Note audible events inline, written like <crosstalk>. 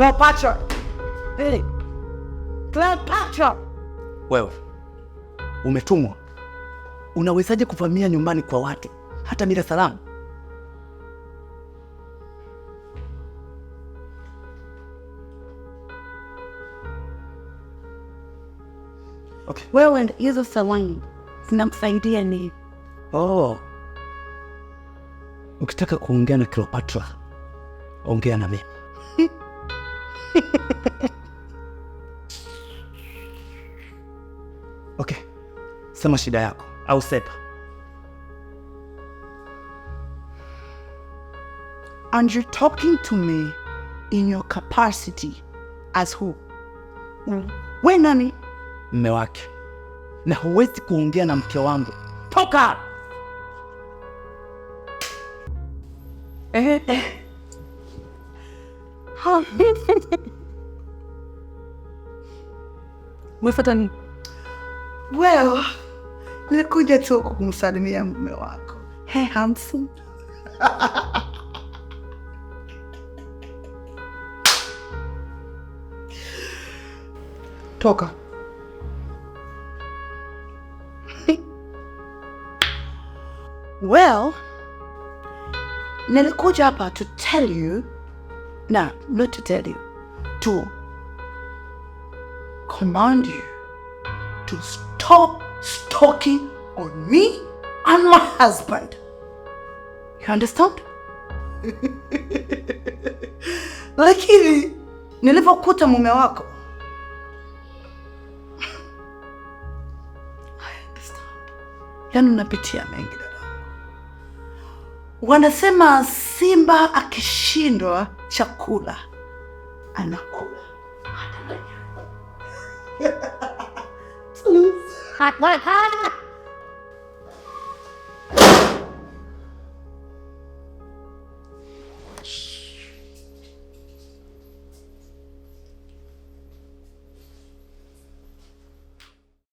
Cleopatra. Hili. Cleopatra. Wewe umetumwa, unawezaje kuvamia nyumbani kwa watu hata bila salamu? Okay. Wewe hizo salamu zinamsaidia ni oh. Ukitaka kuongea na Cleopatra ongea na mimi. <laughs> <laughs> Okay, sema shida yako au sepa. And you're talking to me in your capacity as who? We nani? Mme wake. Na huwezi kuongea na mke wangu. Toka! Eh, eh. <laughs> Mwefata nini? Well, nilikuja tu kumsalimia mume wako. Hey, handsome. Toka. Well, nilikuja hapa to tell you Now, not to tell you, to command you to stop stalking on me and my husband. You understand? <laughs> Lakini nilivyokuta mume wako I understand. Yaani unapitia mengi. Wanasema simba akishindwa chakula anakula hata